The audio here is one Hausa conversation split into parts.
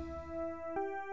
thank you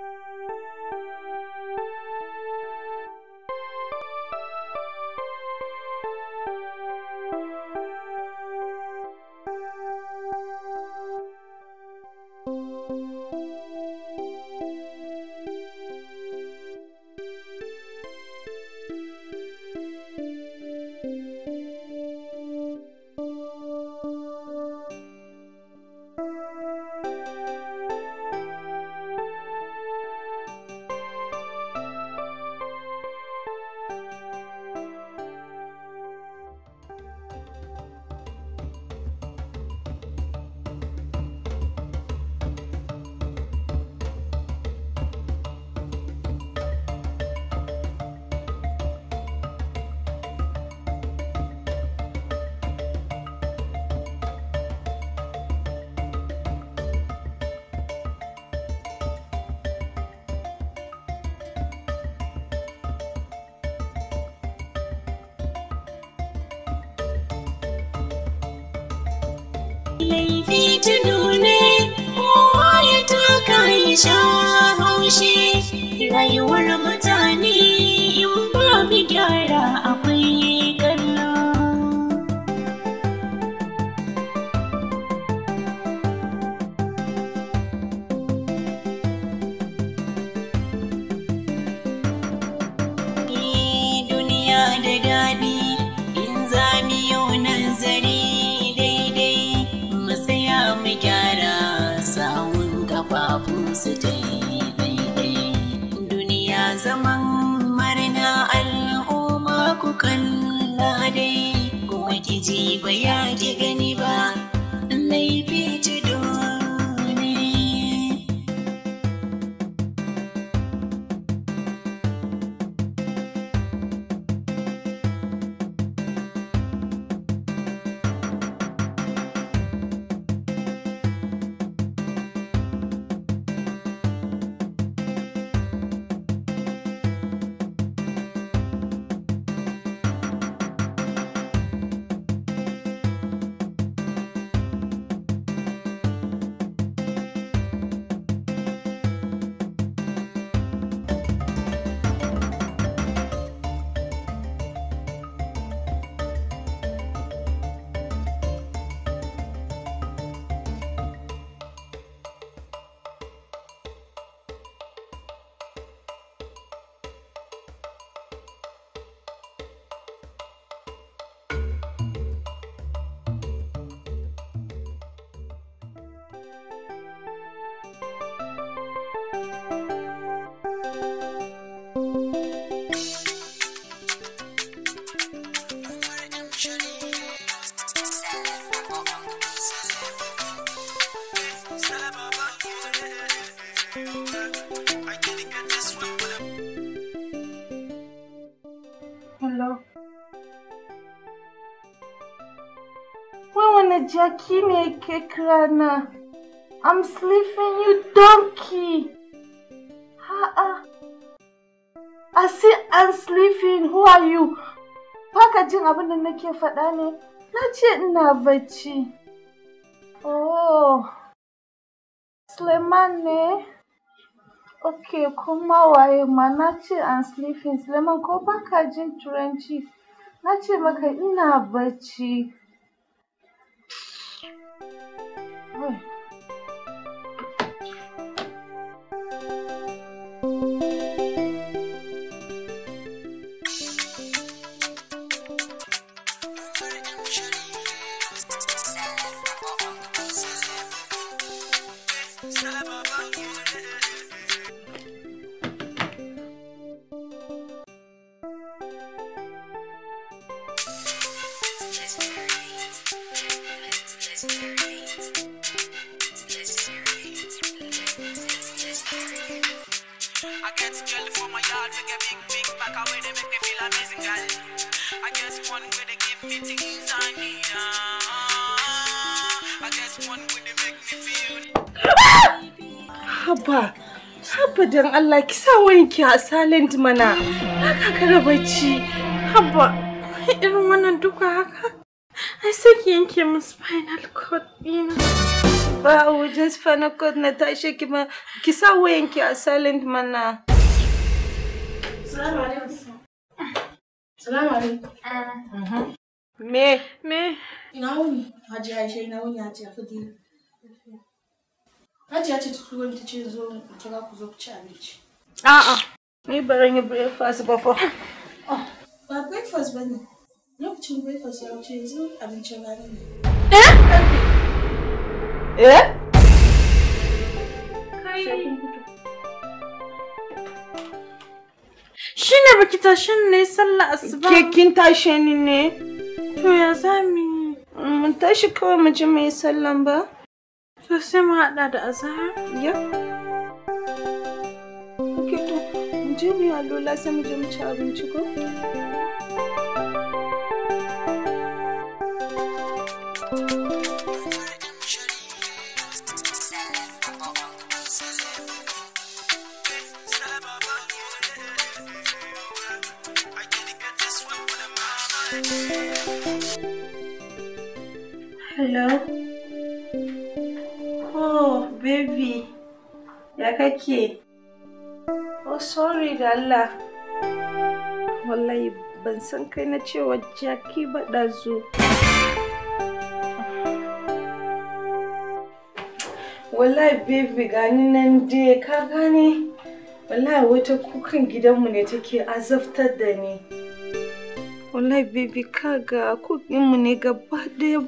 太有温柔。Allah Kineke Krana. I'm sleeping, you donkey. Ha'a. I say I'm sleeping. Who are you? Baka jin abin da nake faɗa ne? Na ce ina bacci. Oh. Suleiman ne? Ok, kuma waye ma na ce I'm sleeping. Suleiman ko baka jin turanci? Na ce maka ina bacci. Celebrate. Abba don Allah ki sa wayanki a silent mana. Haka kara bacci. irin wannan duka haka? Ai sai yanke spinal cord ɗina. Ba a wajen spinal cord na tashi ki ma ki sa wayanki a silent mana. Salamu alaikum. Salamu alaikum. Me? Me? Ina wuni? Hajiya Aisha ina wuni Hajiya Fadila. Hajiya ce ta turo ta ce zo mu kira ku zo ku ci abinci. A'a, ni baran yi breakfast ba fa. Ah, ba breakfast ba ne. Lokacin breakfast ya wuce yanzu abincin rana ne. Eh? Eh? Kai. Shi ne baki tashin ne sallah asuba. Ke kin tashe ni ne? To ya za mu yi? Mm, mun tashi kawai mu je mai sallan ba? To sai mu haɗa da azahar? Ya. Ok to, mu je mu yi allola sai mu je mu ci abinci ko? Ya kake? Oh sorry da Allah. Wallahi ban san kai na cewa jaki ba zo Wallahi baby gani nan dai ka gane? Wallahi wata kukan gidanmu ne take azabtar da ni. Wallahi baby ga kukinmu ne gaba ɗaya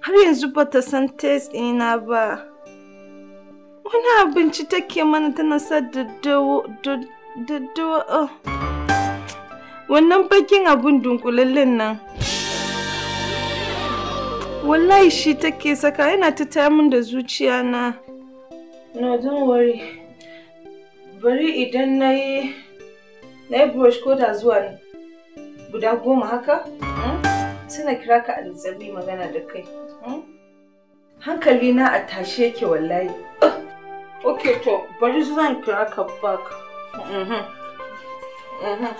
har yanzu ba ta san taste ina ba. ina abinci take mana tana sa daddawo oh. wannan bakin abin dunkulallen nan wallahi shi take saka yana ta tamun da zuciya na no don't worry bari idan na yi na yi brush ko da zuwa guda goma haka hmm? suna kira ka a magana da kai hmm? hankali na a tashe ke wallahi ok to bari zan kira ka back mhm. mhm.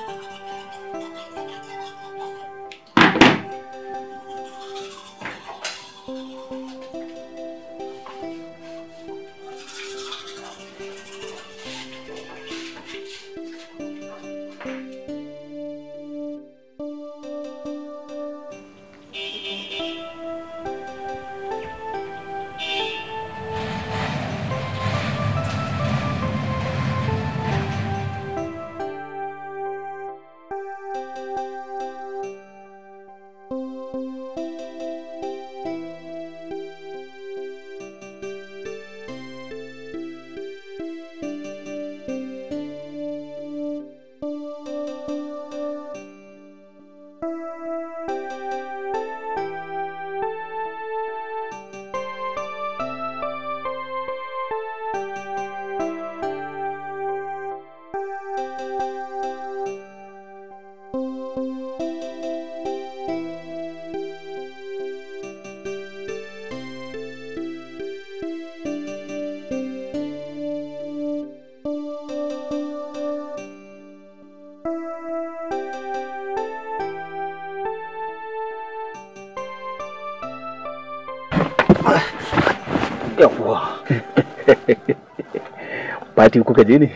fati ka je ne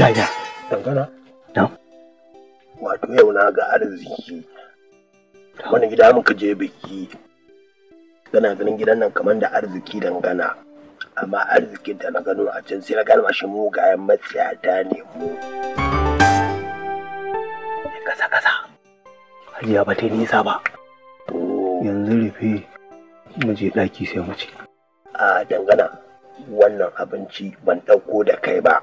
ya ya dangana wato yau na ga arziki wani gida muka je biki kana ganin gidan nan kamar da arziki dangana amma arzikin da na gano a can sai na gano shi mugayen matsiyata ne mu kasa kasa hajiya ba ta nisa ba oh. yanzu rufe mu je ɗaki sai mu ce a dangana wannan abinci ban ɗauko da kai ba.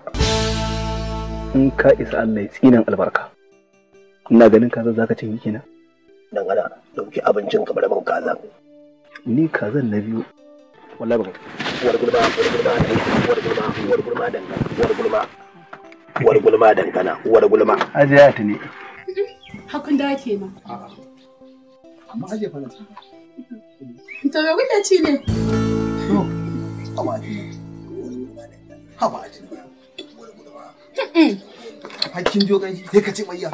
In ka isa Allah ya tsinan albarka. Ina ganin kaza za ka cinye kenan. Dan ana ɗauki abincin kamar ban kaza. Ni kazan na biyu. Wallahi ba. War gulma, war gulma, war gulma, war gulma dangana, war gulma. War gulma dangana, war gulma. Hajiya ya tuni. Hakun da ke ma. Amma ajiye fara ta. To ga kuke ci ne? hakkin jogan shi sai ka ce mayya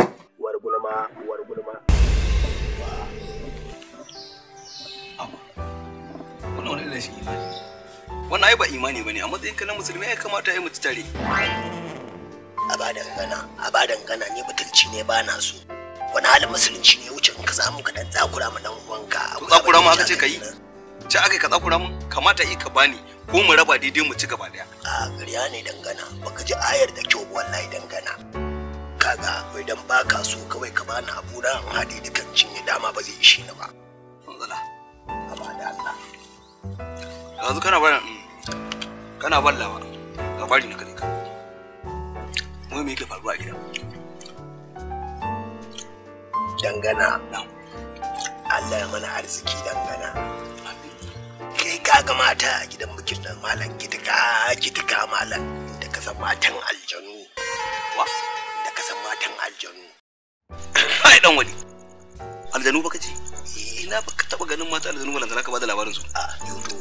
war gulma war gulma wannan wani rashin imani wannan ai ba imani bane a matsayin ka na musulmi ya kamata ya mutu tare a ba dangana a ba dangana ne butulci ne ba na so wani halin musulunci ne wuce in ka samu ka dan tsakura mu dan uwanka tsakura mu aka ce ka yi ce aka ka tsakura mu kamata yi ka bani ko mu raba daidai mu ci gaba daya a ƙarya ne dangana baka ji ayar da kyau wallahi dangana kaga akwai dan baka so kawai ka bani abu na an dukan cinye dama ba zai shi ni ba manzala amma Allah yanzu kana bari mm, kana ballawa fari na kare ka mu me yake faruwa a gida dangana Allah ya mana arziki dangana kaga mata a gidan bikin nan malam kitika kitika malam da ka san matan aljanu wa da ka san matan aljanu ai dan wani aljanu baka ce eh. ina baka taba ganin mata aljanu malam zaka bada labarin su a youtube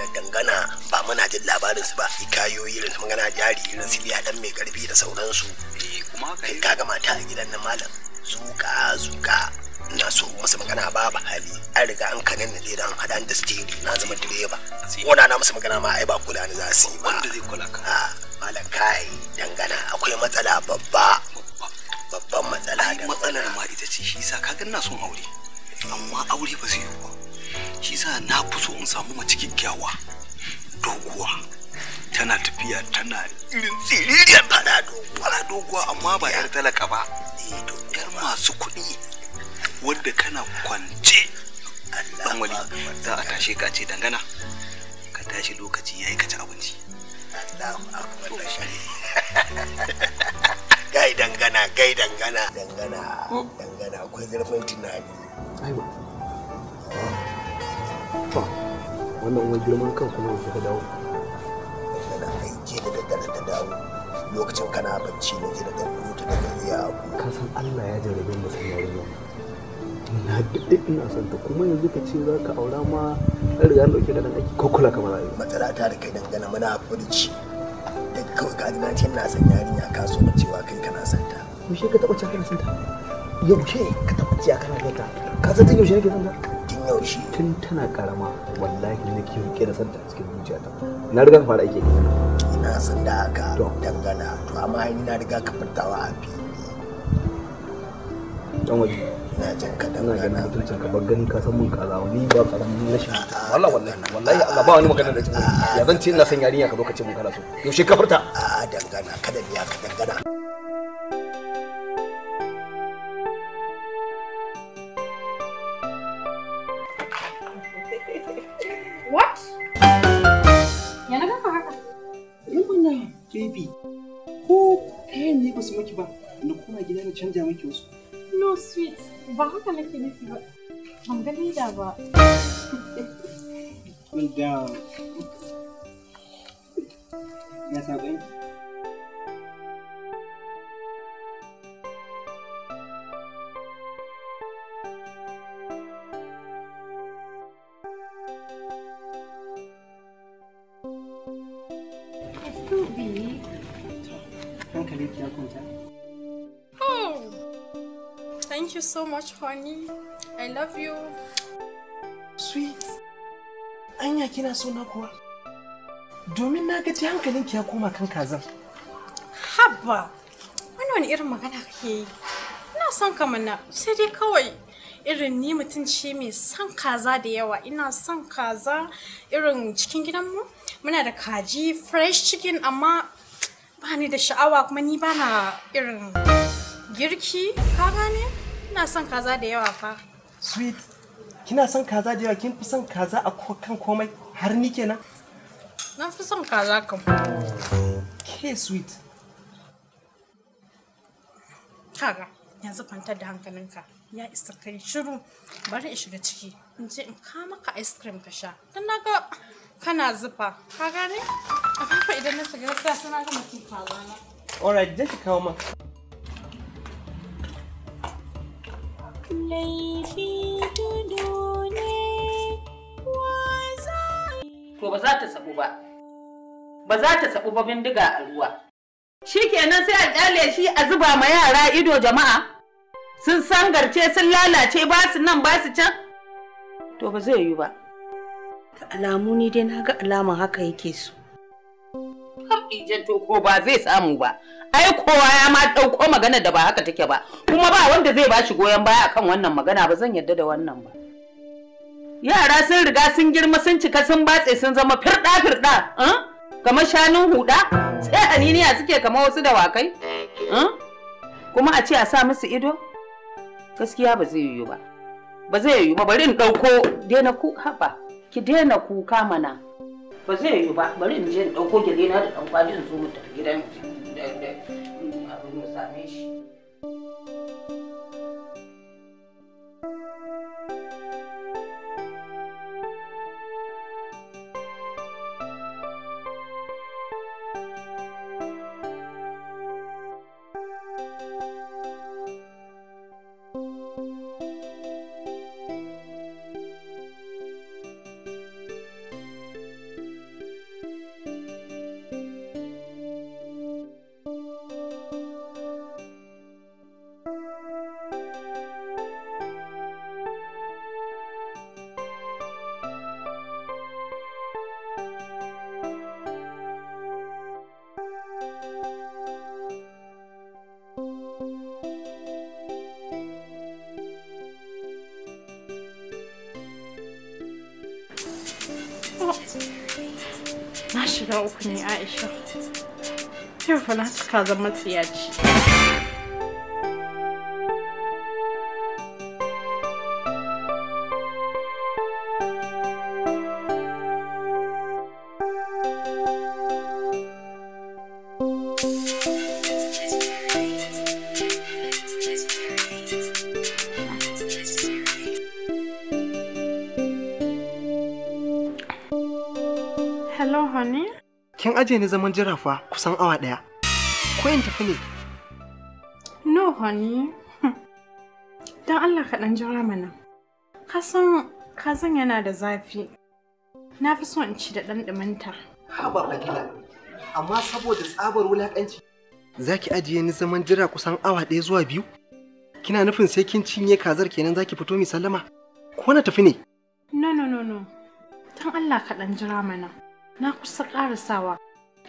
eh, dangana ba muna jin labarin su ba kayo irin su magana jari irin su ya dan mai karfi da sauransu eh, kuma kaga mata a gidan nan malam zuka zuka na so musu magana babu hali an riga an kanin na dai an hada da stiri na zama direba wanda na musu magana ma ai ba kula ni za su yi ba wanda zai kula ka a ah, malam kai dangana akwai matsala babba babban matsala da matsalar ma ita ce shi yasa kaga ina son aure amma aure ba zai yi ba shi yasa na fi so in samu mace kyakkyawa doguwa tana tafiya tana irin tsiririyar fara doguwa amma ba yar talaka ba eh yar masu kuɗi wadda kana kwance dan wali za a tashe ka ce dangana ka tashi lokaci yayi ka ci abinci Allahu akbar da shi gai dangana gai dangana dangana dangana akwai zurfin tunani aiwa wannan wani girman kan kuma yake ka dawo da aike da dangana ta dawo lokacin kana bacci na je da ta daga ya abu kasan Allah ya jarabe mu sai ya na daɗe ina son ta kuma yanzu ka ce za ka aura ma an riga an ɗauke da nan aiki kokula kamar rayu matsala ta da kai dangana mana furci da kawai ka na ce na san yarinya ka so na cewa kai kana son ta yaushe ka taɓa cewa kana son ta yaushe ka taɓa cewa kana son ta ka san tun yaushe nake son ta tun yaushe tun tana karama wallahi nake rike da son ta cikin zuciyata na riga fara aiki ina son da haka dangana to amma ina riga ka furtawa a fili dan waje na jin ka dan magana mutuncin ka bar ganin ka san mun kaza wani ba karamin rashin ah, wallahi wallahi wallahi Allah ba wani magana da cikin ah, ya zan ce ina son yarinya ka zo ka ce mun kana so yaushe ka furta a ah, dangana kada biya ka dangana What? Ya na gama haka. Ni wannan baby ko kayan ne ba su maki ba da kuma gida na canja maki wasu. No, sweet. Ba haka nake nufi ba. Ban ga leda ba. Cool down. Ya you so much, honey. I love you. Sweet. Anya kina so na kuwa? Domin na ga hankalinki ya koma kan kazan. Habba, wani wani irin magana kake yi? Ina son ka mana, sai dai kawai irin ni mutum ce mai son kaza da yawa. Ina son kaza irin cikin gidanmu. Muna da kaji fresh chicken amma ba ni da sha'awa kuma ni bana irin girki, ka gane? Ina son kaza da yawa fa. Sweet, kina son kaza da yawa kin fi son kaza a kan komai har ni kenan? Na fi son kaza kam. Ke sweet. Kaga, yanzu kwantar da hankalinka. Ya isa kai shiru, bari in shiga ciki. In je in ka maka ice cream ka sha. Dan na ga kana zufa. Ka gane? A idan na shiga sai na ga mutum kaza na. Alright, je ki kawo maka. laifi tudu ne to ba za ta sabu ba ba za ta sabu ba bindiga a ruwa shikenan sai a kyale shi a zuba ma yara ido jama'a sun sangarce sun lalace ba su nan ba su can to ba zai yi ba alamu ni dai na ga alamun haka yake so to ko ba zai samu ba ai kowa ya ma ɗauko magana da ba haka take ba kuma ba wanda zai ba shi goyon baya akan wannan magana ba zan yarda da wannan ba yara sun riga sun girma sun cika sun batse sun zama firɗa firɗa eh? kamar shanun huda sai aniniya suke kama wasu da dawakai eh? kuma a ce a sa musu ido gaskiya ba zai yiwu ba ba zai yiwu ba bari in ɗauko daina ku haba ki daina kuka mana ba zai yiwu ba bari in je in ɗauko gyale na da ɗan kwali in zo mu gidan da abin mu same shi ka zama tsiyaci Hello, honey. Kin ajiye ni zaman jirafa kusan awa ɗaya. ko in tafi ne no honey hmm. don allah ka dan jira mana ka san san yana da zafi na fi so in ci da ɗan ɗuminta haba fadila amma saboda tsabar wulaƙanci za ki ajiye ni zaman jira kusan awa ɗaya zuwa biyu? Kina nufin sai kin cinye kazar kenan za ki fito mi sallama? Ko na tafi ne? No, no, no, no. Don Allah ka dan jira mana. Na kusa ƙarasawa.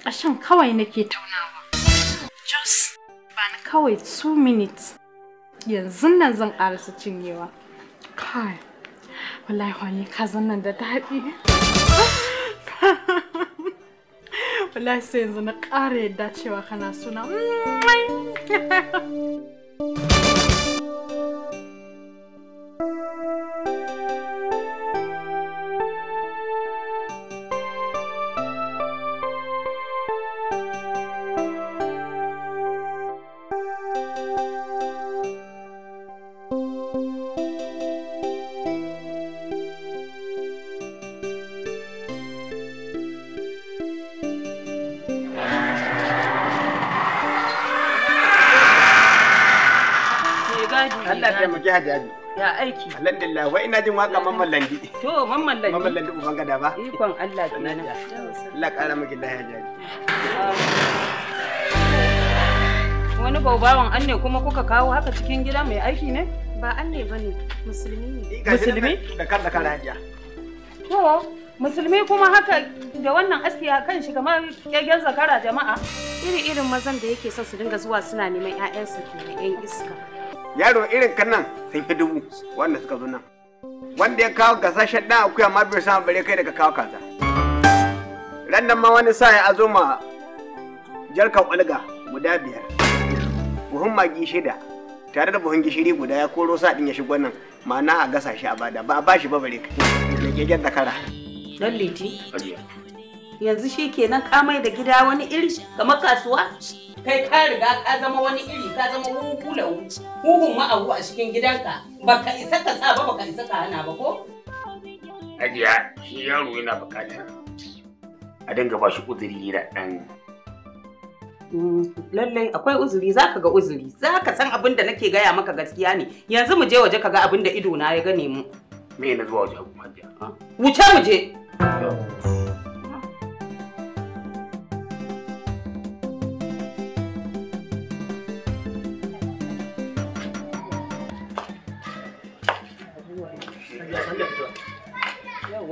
Ƙashin kawai nake taunawa. Jos, bani kawai 2 minutes. Yanzu nan zan arasa cinyewa. Kai, wallahi wani kazan nan da daɗi. wallahi sai yanzu na ƙara yadda cewa kana suna. Hajjaji. Ya aiki. Alhamdulillah wa ina jin waka mamman landi. To mamman landi. Mamman landi uban gada ba. Ikon Allah nan. Allah kara miki lafiya Hajjaji. Um, wani baubawan an ne kuma kuka kawo haka cikin gida mai aiki ne? Ba an ne bane, musulmi ne. Musulmi? Da kar da kan To, musulmi kuma haka da wannan aski kan shi kamar kyagen zakara jama'a iri irin mazan da yake son su dinga zuwa suna neman 'ya'yansu da 'yan iska yaro irin kan nan sun fi dubu wanda suka zo nan wanda ya kawo gasashen ɗan akuya ma bai samu bare kai daga kawo kaza ran nan ma wani sa ya azo ma jarkan olga guda biyar buhun magi shida tare da buhun gishiri guda ya koro sa ɗin ya shigo nan ma'ana a gasa shi a bada ba a bashi ba bare kai da da kara yanzu shi kenan kamai da gida wani iri kamar kasuwa kai ka riga ka zama wani iri ka zama hula huhun ma'abu a cikin gidanka baka isa ka sa ba baka isa ka hana ba ko Hajiya shi yaro yana bukatar a dinga ba shi uzuri da dan mm, lallai akwai uzuri zaka ga uzuri zaka san abin da nake gaya maka gaskiya ne yanzu mu je waje ka ga abin da ido na ya gane mu me na zuwa waje jiya. wuce mu je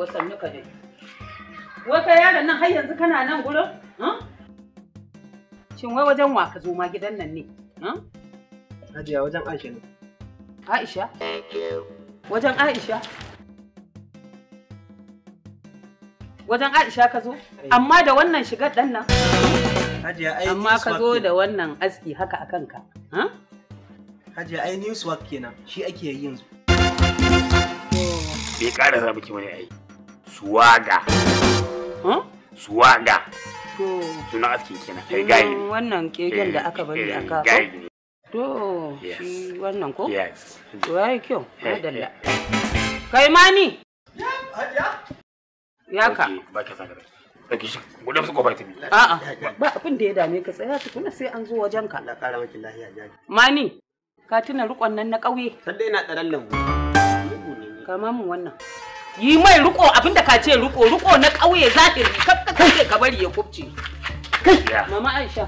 yawwa sannu ka dai wata yaron nan har yanzu kana nan gurin shin wai wajen wa ka zo ma gidan nan ne Hajiya wajen Aisha ne Aisha wajen Aisha wajen Aisha ka zo eh. amma da wannan shigar dan nan amma ka zo da wannan aski haka a kanka Hajiya ai news work kenan shi ake yi yanzu bai ƙara za ki wani aiki suwaga suwaga suna askin kenan kai gayi wannan keken da aka bari eh, a kafa to shi wannan ko to yayi kyau eh, eh. madalla kai mani ya ka ba ka ya dame ka tsaya tukuna sai an ka kara maki tuna rikon nan na kauye sai dai mun wannan yi mai ruko abinda ka ce ruko ruko na ƙauye zahiri kaf ka kace ka bari ya kubce kai mama Aisha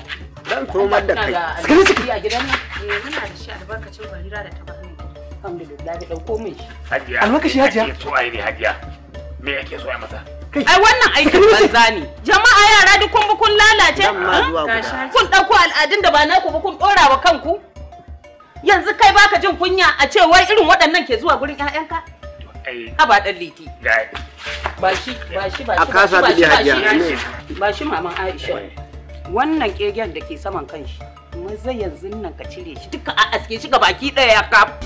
dan tomar da kai sai su a gidan nan eh muna da shi albarkacin barira da ta tabarni alhamdulillah da dauko mai shi hajiya albarkashi hajiya to ai ne hajiya me yake so ai masa ai wannan aikin banza ne jama'a yara duk kun kun lalace kun dauko al'adun da ba naku ba kun dora wa kanku yanzu kai baka jin kunya a ce wai irin waɗannan ke zuwa gurin 'ya'yanka Eh. haba dan liti ba shi ba shi ba shi ba shi maman Aisha wannan kegen da ke saman kanshi maza yanzu nan ka cire shi duka a aske shi ga baki daya ka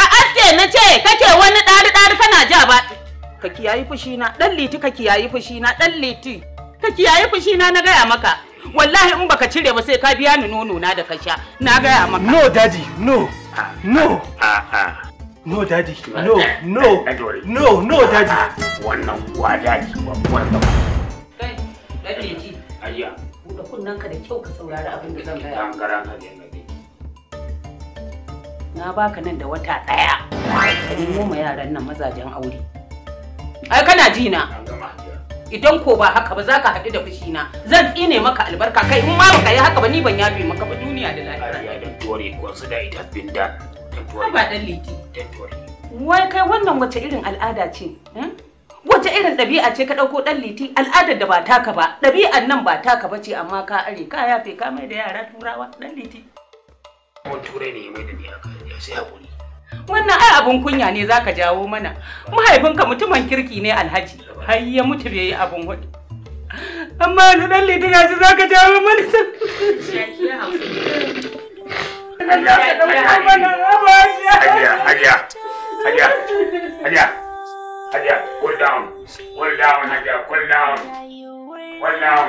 ka aske na ce kake wani ɗari ɗari kana ja ba ka kiyayi fushi na dan liti ka kiyayi fushi na dan liti ka kiyayi fushi na na gaya maka wallahi in baka cire ba sai ka biya ni nono na da ka sha na gaya maka no daddy no No! No, daddy. No, no. No, no, daddy. daddy of da. Kai, daddy ka saurari abin da na baka nan da wata ɗaya ka nemo ma yaran nan mazajen aure ai kana ji na idan ko ba haka ba za ka haɗu da fushi na zan tsine maka albarka kai in ma baka yi haka ba ni ban yafe maka ba duniya da lafiya ya tore tore ba dan liti dan tore wai kai wannan wace irin al'ada ce hmm? wace irin ɗabi'a ce ka ɗauko ɗan liti al'adar da ba taka ba ɗabi'a nan ba taka ba ce amma ka are ka yafe ka mai da yara turawa ɗan liti. turai ne mai da ni sai haƙuri. wannan ai abun kunya ne zaka jawo mana mahaifinka mutumin kirki ne alhaji har ya mutu bai yi abun hudu amma ni dan na ji zaka jawo mana Hajiya, Hajiya, down, hold down, hold down, hold down.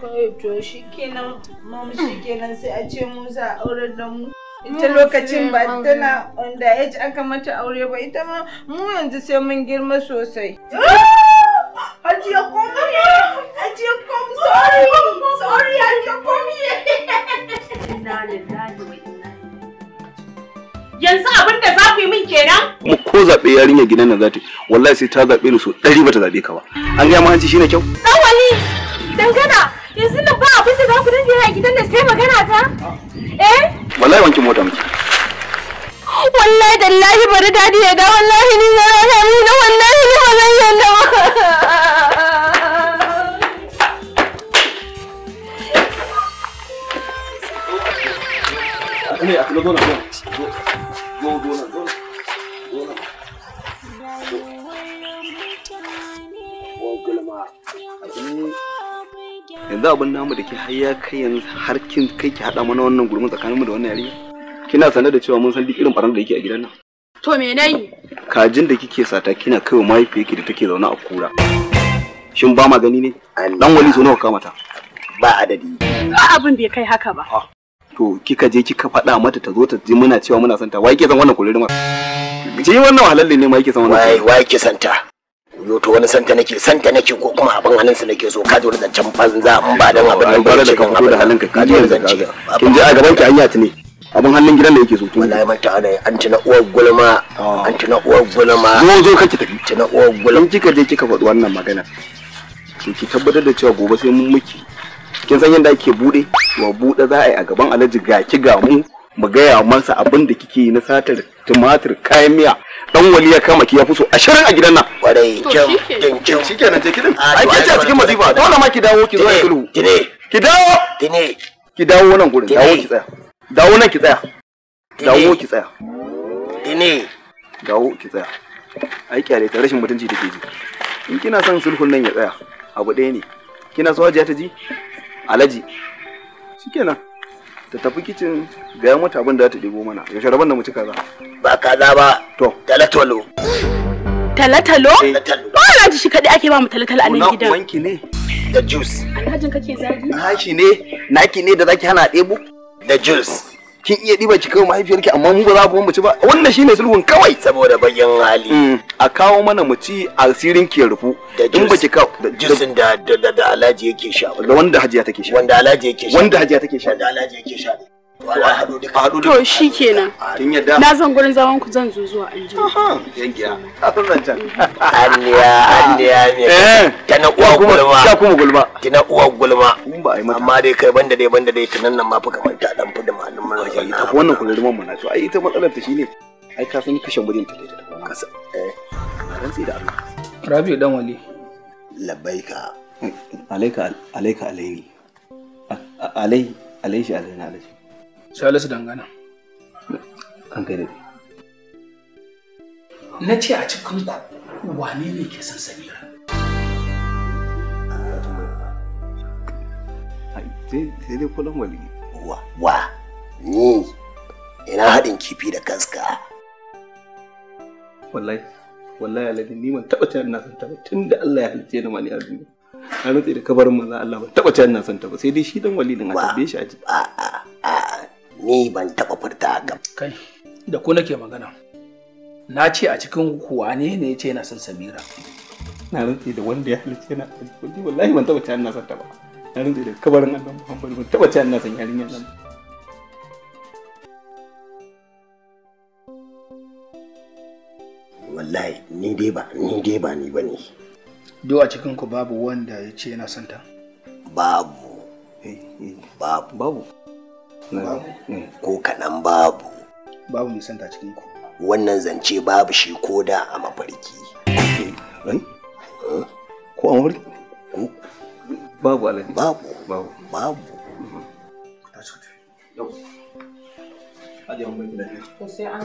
to shi kenan mom mm. shi kenan sai a ce mu za a aurar da mu ita lokacin ba tana da the age aka mata aure ba ita ma mu yanzu sai mun girma sosai Hajiya kom Hajiya kom sorry sorry Hajiya kom inna lillahi wa inna yanzu abin da za ku yi min kenan? Mu ko zaɓe yarinya gidan nan za ta wallahi sai ta zaɓe ni so ɗari bata zaɓe ka ba. An gaya ma hanci shine kyau? Ɗan dangana yanzu nan ba abin da za ku dinga yi a gidan da sai magana ta eh wallahi wanki mota miki wallahi dallahi bari dadi ya da wallahi ni na ni na wallahi ni ba zan yanda ba Ne, a kula dona, dona, dona, dona, dona. Wa gulma, a yanzu abin namu da ke haya kai yanzu har kin kai ki hada mana wannan gurbin tsakaninmu da wannan yarinya kina sanar da cewa mun san duk irin baran da yake a gidan nan to me nayi kajin da kike sata kina kaiwa mahaifiyarki da take zaune a kura shin ba magani ne dan wali so nawa kamata ba adadi ba abin bai kai haka ba ah. to kika je kika faɗa mata ta zo ta ji muna cewa muna santa wai ke san wannan kulirin ma je wannan halalle ne ma yake san wannan wai wai ke santa yo to wani santa nake santa nake ko kuma abin hannun su nake so ka ji wani zancen banza in ba dan abin nan bare da kan abin halin ka ka ji wani zance kin ji a gaban ki anya tune abin hannun gidan da yake so tun wallahi manta ana an na uwar gulma ah. an na uwar gulma zo zo kake tafi na uwar gulma kika je kika faɗi wannan magana to ki tabbatar da cewa gobe sai mun miki kin san yadda ake bude wa bude za a yi a gaban alhaji ga ki ga mu mu gaya masa abin da kike yi na satar tumatir kayan miya dan wali ya kama ki ya fuso ashirin a gidan nan kwarai kyau kyau shikenan je kidan ai ke ce a cikin masifa dole ma ki dawo ki zo ya sulhu tine ki dawo tine ki dawo nan gurin dawo ki tsaya dawo nan ki tsaya dawo ki tsaya Dine! dawo ki tsaya ai kyale ta rashin mutunci take ji in kina son sulhun nan ya tsaya abu ɗaya ne kina so hajiya ta ji alaji shikenan ta tafi kicin ga mata abin da ta ɗebo mana yaushe rabon da mu ci kaza ba kaza ba to talatalo talatalo eh. ba na ji shi kaɗai ake ba mu talatalo a nan gidan wanki ne da juice alhajin kake zagi nashi ne naki ne da zaki hana ɗebo da juice kin iya ɗiba ki mahaifiyarki amma mu ba za mu ci ba wannan shine sulhun kawai saboda bayan hali mm, a kawo mana mu ci asirin ke rufu in ba ki kawo jisin da da da alhaji yake sha wanda hajiya take sha wanda alhaji yake sha wanda hajiya take sha wanda alhaji yake sha To shi kenan. Na zan gurin zaman ku zan zo zuwa an jima. Yangiya. Kafin zancen. Anniya, Ta eh. na uwa gulma. Ta kuma gulma. Ta na uwa gulma. Mun ba ai mata. Amma dai kai banda dai banda dai tunan nan ma fa kamar ta dan fi da malin mun. Ita wannan kullum mun na to ai ita matsalar ta shine ai ka san kashe gudun ta da kasa. Eh. Ran sai da Allah. Rabi'u dan wali. Labbaika. Alaika alaika alaihi. Alai alai shi alaina alai. Salisu dangana. An kai Na ce a cikin ku wane ne ke san Samira? Sai dai kulan wali. Wa, wa, ni ina haɗin kifi da kaska. Wallahi, wallahi alhaji ni ban taɓa tunanin na san ta ba tun da Allah ya halice ni ma ni a duniya. Na da kabarin manzo Allah ban taɓa tunanin na san ta ba sai dai shi dan wali din a tabbe shi a ji. a ni ban taɓa furta haka. Kai, da ku nake magana. Na ce a cikin kuwa ne ne ce yana son Samira. Na rantsi da wanda ya halice na alƙulli wallahi ban taɓa cewa ina san ta ba. Na rantsi da kabarin Allah Muhammadu ban taɓa cewa ina san yarinyar nan. Wallahi ni dai ba ni dai ba ni bane. Do a cikin ku babu wanda ya ce yana son ta. Babu. Eh, eh. Babu. Babu. ko kaɗan babu babu mai santa cikin ku wannan zance babu shi ko da a mafarki eh, eh? ko a mafarki ko babu alaji babu babu babu ta cuta yau a da yawon mai lafiya ko sai an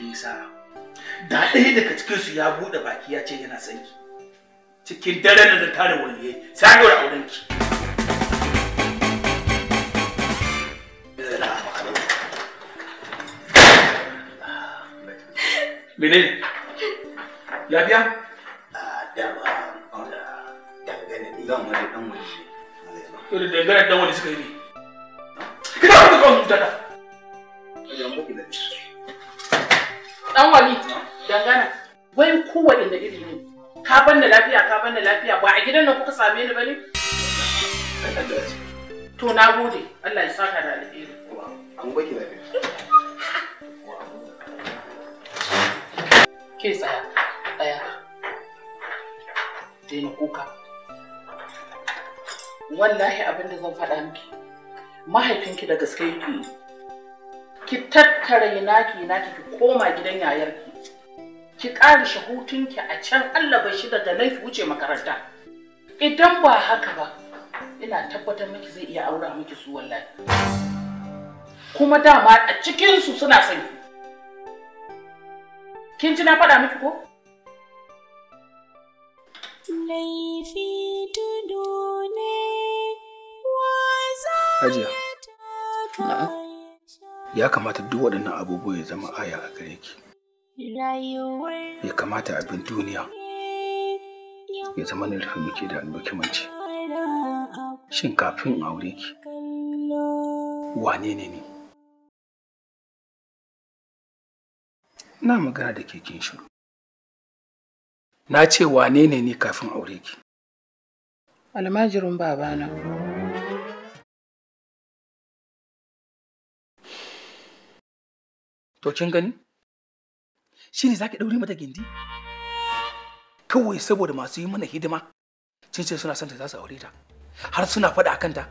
kin yi sa'a da ɗaya daga cikinsu ya buɗe baki ya ce yana son ki cikin daren da tare waliyai sai ga auren ki menene lafiya dama dangane ne zan wani dan wani ne dangane dan wani suka yi ne kina wani kawai mutata Dan wali, dangana. Wai ku waɗanda iri ne. Ka ban da lafiya, ka ban da lafiya. Ba a gidan nan kuka same ni bane To na gode. Allah ya saka da alheri. An baki lafiya. Ke tsaya, tsaya. Daina kuka. Wallahi abin da zan faɗa miki. Mahaifinki da gaske yake ki tattara yinaki naki ki koma gidan yayarki ki ƙarishe hutunki a can Allah bai shida da nan ki wuce makaranta idan ba haka ba ina tabbatar miki zai iya aura miki su wallahi kuma dama a cikin su suna son kin ji na faɗa miki ko laifi tudu ne Hajiya. ya kamata duk waɗannan abubuwa ya zama aya a gare ki ya kamata abin duniya ya zama na rufe muke da albukimanci shin kafin aure ki wane ne ne na magana da keken shi? na ce wane ne ne kafin aure ki almajirin babana To kin gani? Shi zaki za ɗaure mata gindi? Kawai saboda masu yi mana hidima, cin ce suna son ta za aure ta, har suna faɗa kanta.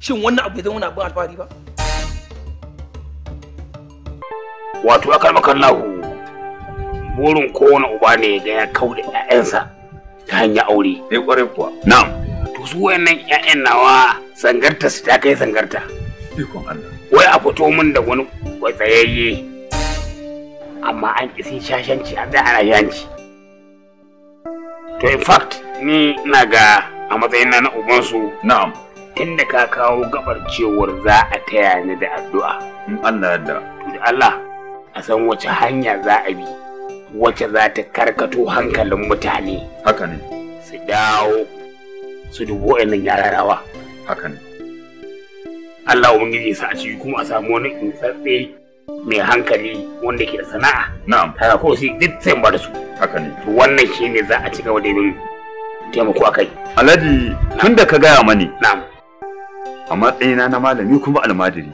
Shin wannan abu ya zama wani abin alfahari ba? Wato a kalmakan burin kowane uba ne ga ya da 'ya'yansa ta hanyar aure. Eh ƙwarai kuwa. Na'am. To su wayannan 'ya'yan nawa zangarta su ta kai zangarta. Allah. wai a fito min da wani kwatsayayye amma an ƙi shashanci a da ana yanci to in fact ni na ga a matsayin na ubansu na'am tunda ka kawo gabar cewar za a taya ni da addu'a in Allah yarda da Allah a san wace hanya za a bi wace za ta karkato hankalin mutane haka ne su dawo su dubo yaran yararawa haka ne Allah ubangiji ya sa a ciki kuma a samu wani intsatse mai hankali wanda ke da sana'a na'am kaga ko sai duk sai ba da su haka ne to wannan ne za a cigaba da yin taimako akai alhaji tunda ka gaya mani na'am a matsayina na malami kuma almajiri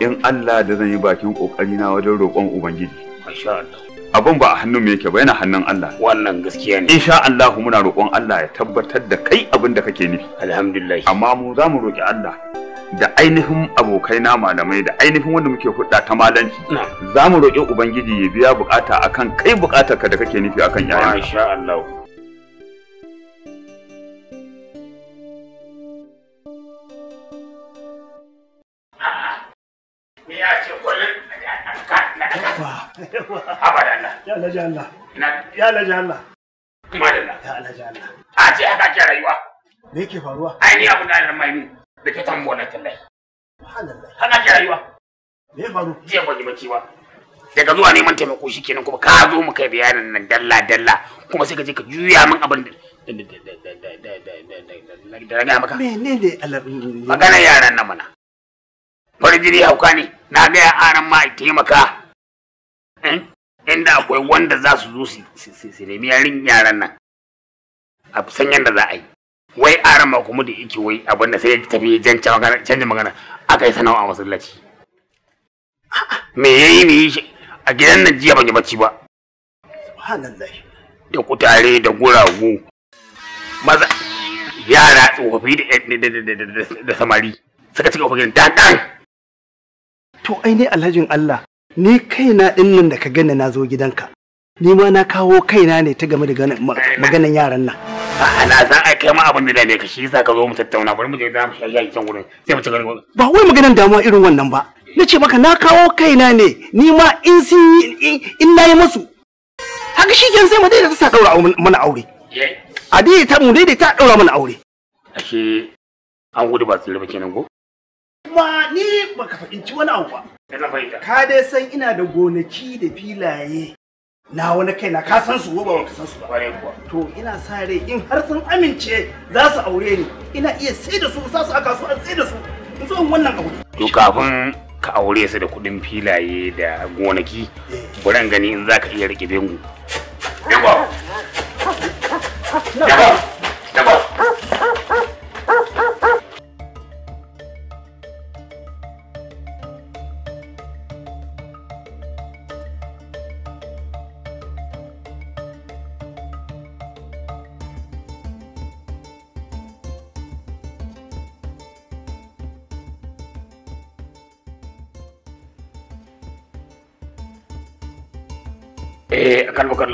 in Allah da zan yi bakin kokari na wajen roƙon ubangiji masha Allah abin ba a hannun mu yake ba yana hannun Allah wannan gaskiya ne insha Allah muna roƙon Allah ya tabbatar da kai abin da kake nufi alhamdulillah amma mu za mu roƙi Allah da ainihin abokai na malamai da ainihin wanda muke hudda ta malanci za mu roƙi ubangiji ya biya bukata akan kai bukatarka da kake nufi akan yayan insha Allah abadan ya alhaji Allah ya alhaji Allah madalla ya alhaji Allah a ce haka ke rayuwa me yake faruwa ai ni abin da Allah mai min da ke tambo na tallahi subhanallah haka ke rayuwa me ya faru jiya ban yi bacci ba daga zuwa neman taimako shi kenan kuma ka zo mu kai bayanin nan dalla dalla kuma sai ka je ka juya min abin da da da maka menene magana ya nan mana farin jini hauka ne na ga yaran ma taimaka inda hm? akwai wanda za su zo su nemi yarin yaran nan a san yadda za a yi wai arama kuma da yake wai abin da sai ya tafi jan canjin magana aka yi sanawa a masallaci me ya yi ne a gidan nan jiya ban yi bacci ba da kutare da guragu maza yara tsofaffi da samari suka cika ofishin dan to ai ne alhajin Allah ni kaina din nan da ka gani na zo gidanka ni ma na kawo kaina ne ta game da maganan yaran nan ana san a kai ma abin da ne ka shi yasa ka zo mu tattauna bari mu je da mu shayi cikin wurin sai mu ci gari ba wai maganan damuwa irin wannan ba na ce maka na kawo kaina ne ni ma in sun in nayi musu haka shi kenan sai mu daidaita sa daura mana aure a daidaita mu daidaita daura mana aure ashe an gudu ba tsira ba kenan ko ba ni baka fahimci wani abu ba Ka dai san ina da gonaki da filaye na wani kaina ka san su ba ka san su ba. To ina sa rai in har sun amince za su aure ni ina iya sai da su sa su a kasuwa sai da su in zo in wannan aure. To kafin ka aure su da kuɗin filaye da gonaki buran gani in za ka iya rike bengu. Yawa.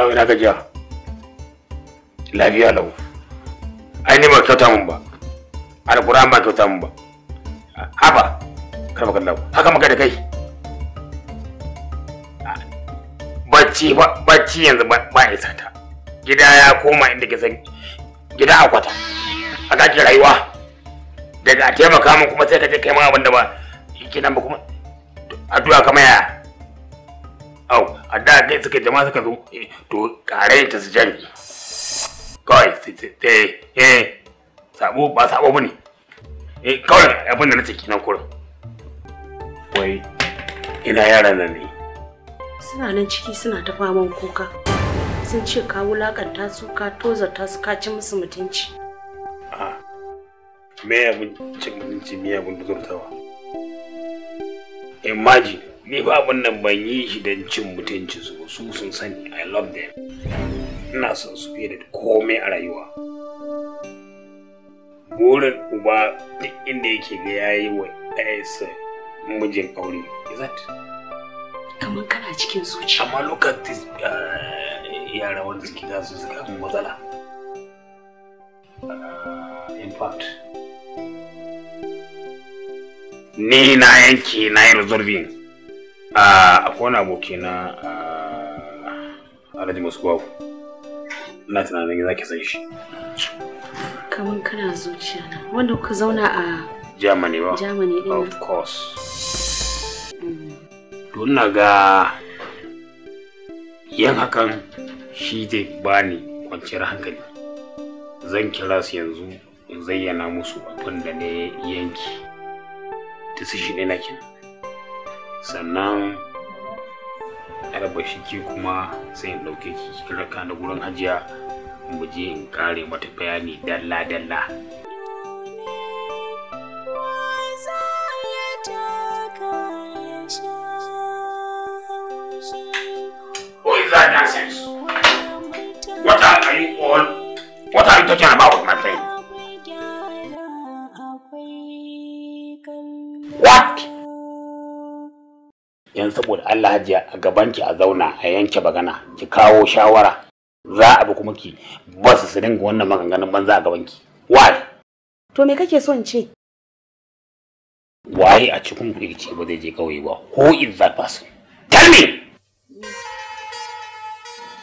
lau ina gajiya lafiya lau ai ne ba kyauta mun ba alquran ba kyauta mun ba haba karfa kallahu haka maka da kai bacci bacci yanzu ba isa ta gida ya koma inda ke san gida a kwata a kake rayuwa daga a taimaka mun kuma sai ka je kai ma abin da ba kina ba kuma addu'a kama ya au a da kai suka jama'a suka zo eh, to kare ta su jami kawai eh eh sabo ba sabo bane eh kawai abin da nace kenan kurin wai ina yaran nan ne suna nan ciki suna ta faman kuka sun ce ka wulakanta su ka tozarta su ka ci musu mutunci a me abin cin mutunci me abin tozartawa imagine eh, ni ba abin nan ban yi shi don cin mutunci su su sun sani i love them ina son su fiye da komai a rayuwa burin uba duk inda yake ga yayi wa ayyansa mijin aure is that kamar kana cikin zuciya amma lokacin uh, yara wanda suke za su suka mun matsala uh, in fact ni na yanke na yi resolving a akwai wani aboki na alhaji musbahu ina tunanin za ki san shi kamar kana zuciya na wanda kuka zauna a germany ba germany eh. of course mm. to ina ga yan hakan shi zai bani kwanciyar hankali zan kira su yanzu in zayyana musu abin da ne yanki shi ne na kenan sannan araba shi ke kuma sai in ɗauke ki kiraka na gurin ajiya in je in ƙare mata bayani dalla-dalla What are you all? What are you talking about? saboda Allah hajiya a gaban ki a zauna a yanke bagana ki kawo shawara za a bi kuma ki ba su dinga wannan maganganun banza a gaban ki why to me kake son ce waye a cikin ku ce ba zai je kawai ba who is that person tell me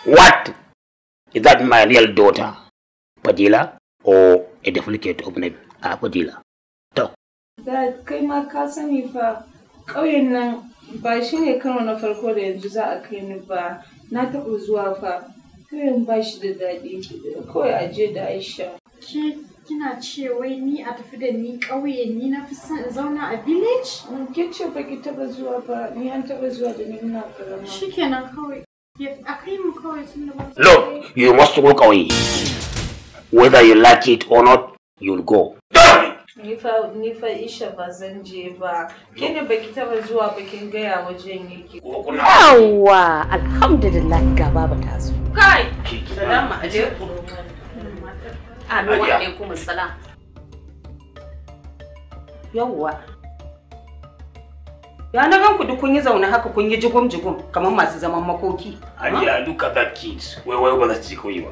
what is that my real daughter fadila or a duplicate of name a uh, fadila to da kai ma ka sani fa ƙauyen nan ba shi ne karo na farko da yanzu za a kai ni ba na taɓa zuwa fa kiran ba shi da daɗi kawai a je da aisha ke kina ce wai ni a tafi da ni ƙauye ni na fi son zauna a village mm, ke ce ba ki taɓa zuwa ba ni an taɓa zuwa da ni muna karama shikenan kawai a kai mu kawai tun da ba no you must go ƙauye whether you like it or not you'll go ni fa isha ba zan je ba ke ne baki taba zuwa bakin gaya wajen yake yawa alhamdulillah ga baba ta zo kai salamu alaikum amin wa alaikum salam yawa ya na ganku duk kun yi zaune haka kun yi jigum jigum kamar masu zaman makoki ajiya duka that kids wai wai ba za ci koyi ba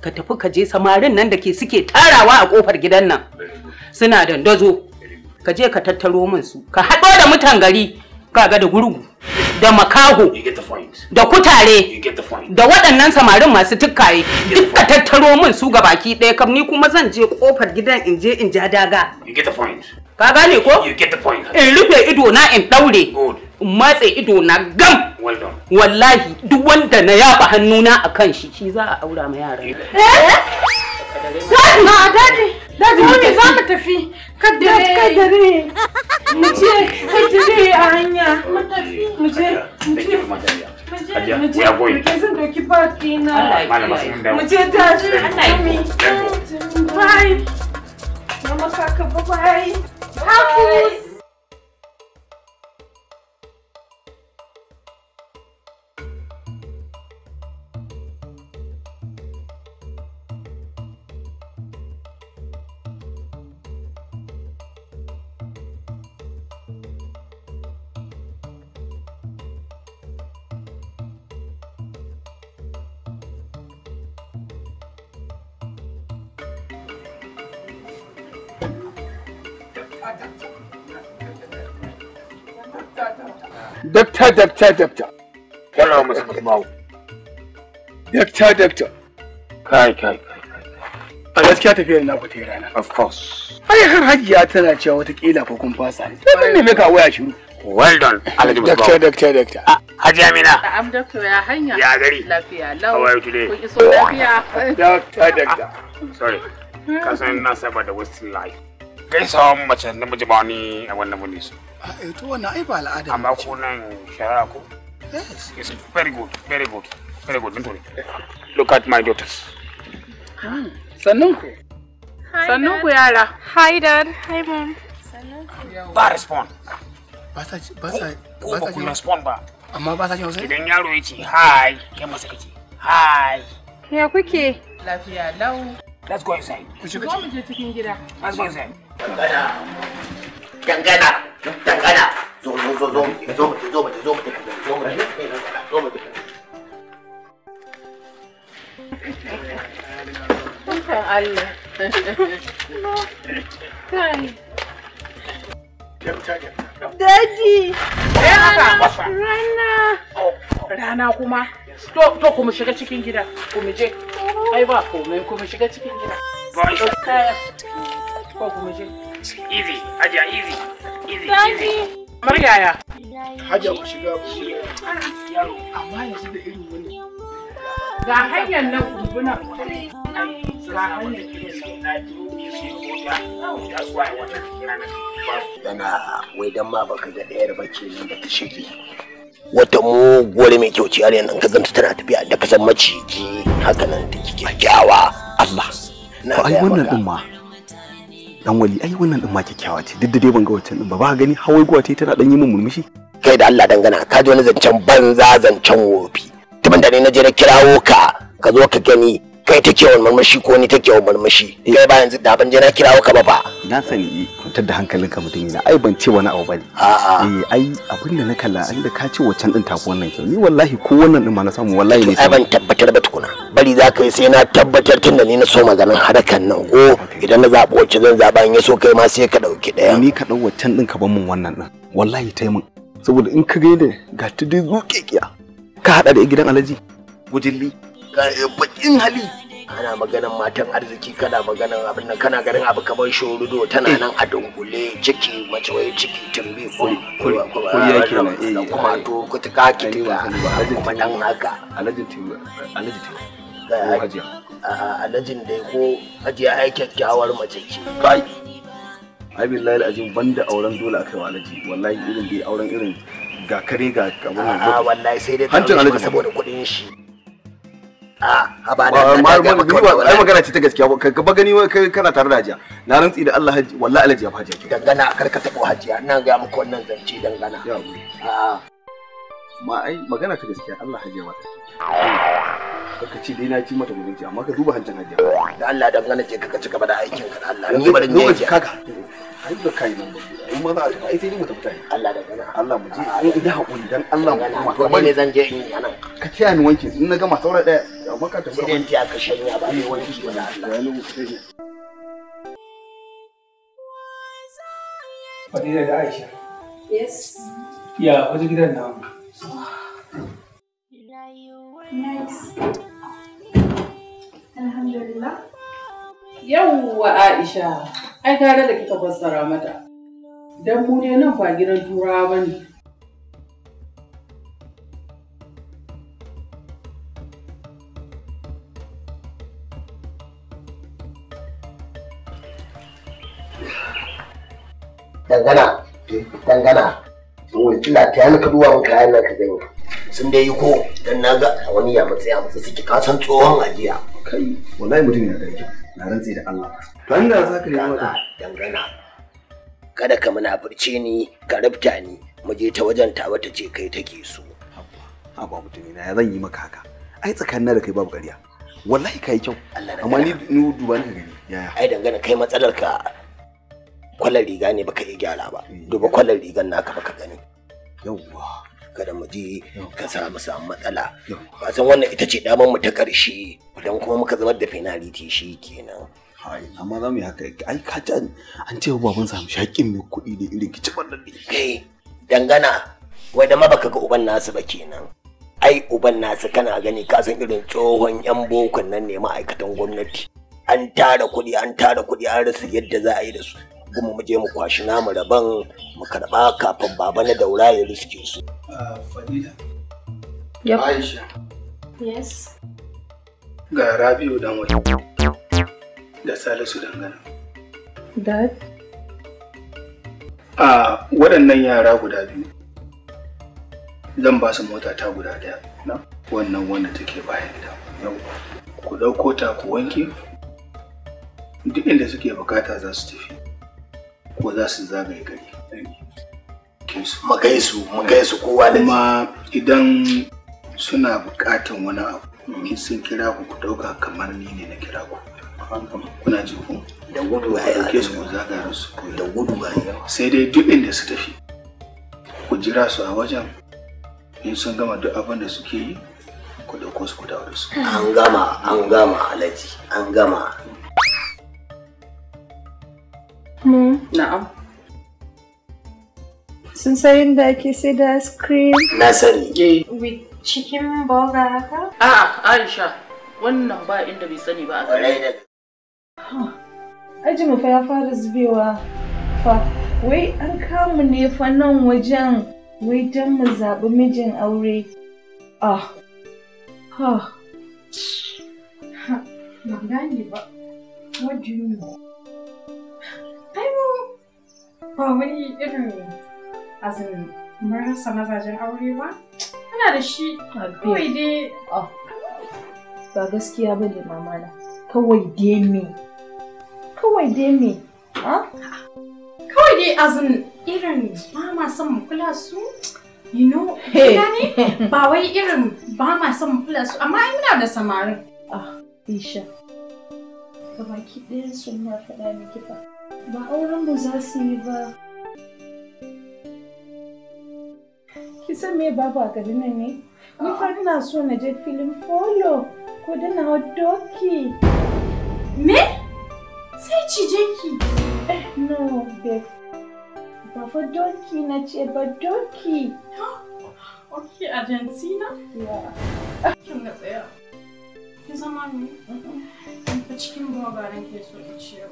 ka tafi ka je samarin nan da ke suke tarawa a kofar gidan nan suna dandazo ka je ka tattaro min su ka haɗo da mutan gari kaga da gurgu da makaho da kutare da waɗannan samarin masu tukkaye duk ka tattaro min su ga baki ɗaya kam ni kuma zan je kofar gidan in je in ja daga ka gane ko in rufe ido na in ɗaure matse ido na gam wallahi duk wanda na yafa hannuna a kan shi shi za a aura ma yaran daji daji mami za mu tafi kaddare kaddare mu je kaddare a hanya mu tafi mu je mu je mu je Ke zan doki baki na. Mu je daji. Bye. Mama saka bye bye. Hafiz. dakta dakta dakta kana musu mawo dakta dakta kai kai a gaskiya tafiyar na rana of course ai har tana cewa watakila ko kun fasa ne shiru well done alhaji dakta dakta dakta hajiya ya gari lafiya lau how are you today ah, saba da life gaisawan mace namiji ba wani a wannan bane su a ah, eh, to wani ai ba al'ada amma ko nan shara ko yes it's very good very good very good don't look at my daughters hmm. sannan ku sannan ku yara hi dad hi mom ba respond ba sa ba sa ko ba ku respond ba amma ba sa jin wasu idan yaro yace hi ke masa kake hi ya kuke lafiya lau Let's go inside. Let's go inside. Let's go inside. Dangana. Dangana. Dangana. Zo zo zo zo zo mu zo mu zo mu zo mu zo mu Kan Allah. Rana. kuma. To to kuma shiga cikin gida. Kuma je. Ai ba komai kuma shiga cikin gida. Ba shi. ko kuma yaya ku shiga ku shiga amma yanzu da irin wani ga hanyar nan ga hanyar wai dan ma baka ga ɗayar ba ke nan da ta shige. Wata muguwar mai kyau ciyar yanzu ka zanta tana tafiya da kasan maciji haka nan take kyakkyawa Allah. Ai wannan ɗin ma dan wali ai wannan din ma kyakkyawa ce duk da dai ban ga wancan din ba ba gani hawai guwa ta tana dan yi min murmushi kai da Allah dangana ka ji wani zancen banza zancen wofi tun da ne na je na kirawo ka ka zo ka gani kai ta kewan marmashi ko ni ta kewan marmashi eh. kai ba yanzu da ban je na kirawo ka ba ba na sani eh, kwantar da hankalinka mutum yana ai ban ce wani abu bane a'a eh ai abin da na kalla an da ka ce wancan din tafi wannan kyau ni wallahi ko wannan din ma na samu wallahi ne ai ban tabbatar ba tukuna bari za ka yi sai na tabbatar tun da ni na so maganin harakan nan ko idan na zaɓi wacce zan zaɓa in ya so kai ma sai ka ɗauki ɗaya ni ka ɗau wancan din ka ban min wannan din wallahi ta min saboda in ka gaida ga ta dai zuƙeƙiya ka haɗa da gidan alaji gujilli bakin hali ana maganan matan arziki kana maganan abin nan kana ganin abu kamar shorudo tana eh. nan a dungule ciki mace wai ciki tumbi kuri eh kuma to kutuka kitiba kuma dan haka alhaji tiwa alhaji tiwa ko hajiya alhajin dai ko hajiya ai kyakkyawar mace ce kai ai billahi alazim banda auren dole akai wa alhaji wallahi irin dai auren irin ga kare ga abun nan wallahi sai dai hantar alhaji saboda kudin shi Ah, a ba da ai magana ce ta gaskiya ka gaba gani kana tare da hajiya na rantsi da Allah haji wallahi alhaji ya faje dangana kar ka tabo hajiya ina ga muku wannan zance dangana ah. ma ai magana ta gaskiya Allah hajiya mata ka ce dai na ci mata mutunci amma ka duba hancin hajiya da Allah dangana ce ka ci gaba da aikin ka Allah ni ba da ni kaga ai ba kai nan ba in ma za a tafi ai sai mu tafi tare Allah da gana Allah mu je in idan hakuri dan Allah mu kuma to ne zan je in yi anan ka taya ni wanki in na gama saura daya ya maka ta sai dan tiya ka shanya ba ne eh, wanki ba Allah Fadila da Aisha. Yes. Ya wajen gidan namu. Nice. Alhamdulillah. Yawwa Aisha. ai tare da kika fassara mata don mu ne nan ba gidan turawa ba ne dangana dangana sun wani kila ta yanka duwa mun kayan nan ka gani sun dai yi ko dan na wani ya matsaya ya matsa suke kasan tsohon ajiya kai wallahi mutum ya da na da Allah za ka yi mata dangana kada ka munafurce ni ka rabta ni mu je ta wajen ta wata ce kai take so haba mutumi na ya zan yi maka haka ai tsakanin da kai babu ƙarya wallahi kai kyau amma ni ni duba ni gani yaya ai dangana kai matsalar ka kwallar riga ne baka iya gyara ba eh. duba kwallar rigan naka baka gani yawwa kada mu je ka sa mu samu matsala ba san wannan ita ce damar mu ta karshe idan kuma muka zubar da penalty shi kenan amma za mu haka ai ka ta an ce baban samu shaƙin mai kuɗi da irin kici wannan ne kai dangana wai da ma baka ga uban nasu ba kenan ai uban nasu kana gani ka san irin tsohon yan bokon nan ne ma'aikatan gwamnati an tara kuɗi an tara kuɗi an rasa yadda za a yi da su kuma mu je mu kwashi namu rabon mu karɓa kafin baba na daura ya riske su. Ah, Fadila. Yep. Aisha. Yes. Ga Rabi'u dan wani da Salisu dangana. Dad. A ah, waɗannan yara guda biyu zan ba su mota ta guda ɗaya na wannan wanda take bayan gida. Ku ɗauko ta ku wanke duk inda suke bukata za su tafi. kuma za su zagaye gari magaisu su kowa da kuma idan suna bukatan wani abu min sun kira ku ku dauka kamar ni ne na kira ku kuna ji ku da gudu a yake su ku zagara su da gudu a sai dai duk inda su tafi ku jira su a wajen in sun gama duk abin da suke yi ku dauko su ku dawo da su an gama an gama alaji an gama Hmm. Na'am. Sun san yadda ake sai da ice cream? Na sani. Eh. With cikin boga haka? A'a, Aisha, wannan ba inda bai sani ba a gare Aji mu fa ya fara zubewa fa. Wai an kamu ne fa nan wajen wai don mu zaɓi mijin aure. Ah. Ha. Ha. Ban gane ba. What do you ba wani irin kamar marasa mazajen aure ba ana da shi kawai dai ah, ba gaskiya ba ne mamana kawai dai me kawai dai me kawai dai azin irin ba ma son mu kula su you know ne? ba wai irin ba ma son mu kula su amma ai muna da samarin ah isha gabaki ɗayan sun na faɗa miki ba Ba auren mu za su yi ba. Ki san me babu a gari nan ne? Ni fa ina so na je filin polo ko da na doki. Me? Sai cije ki. Eh, no, babe. Ba fa doki na ce ba doki. Okay, Argentina? Yeah. Kin ga tsaya. Ki zama ne? Ki mm-hmm. cikin goma ba ke so ki ciyo.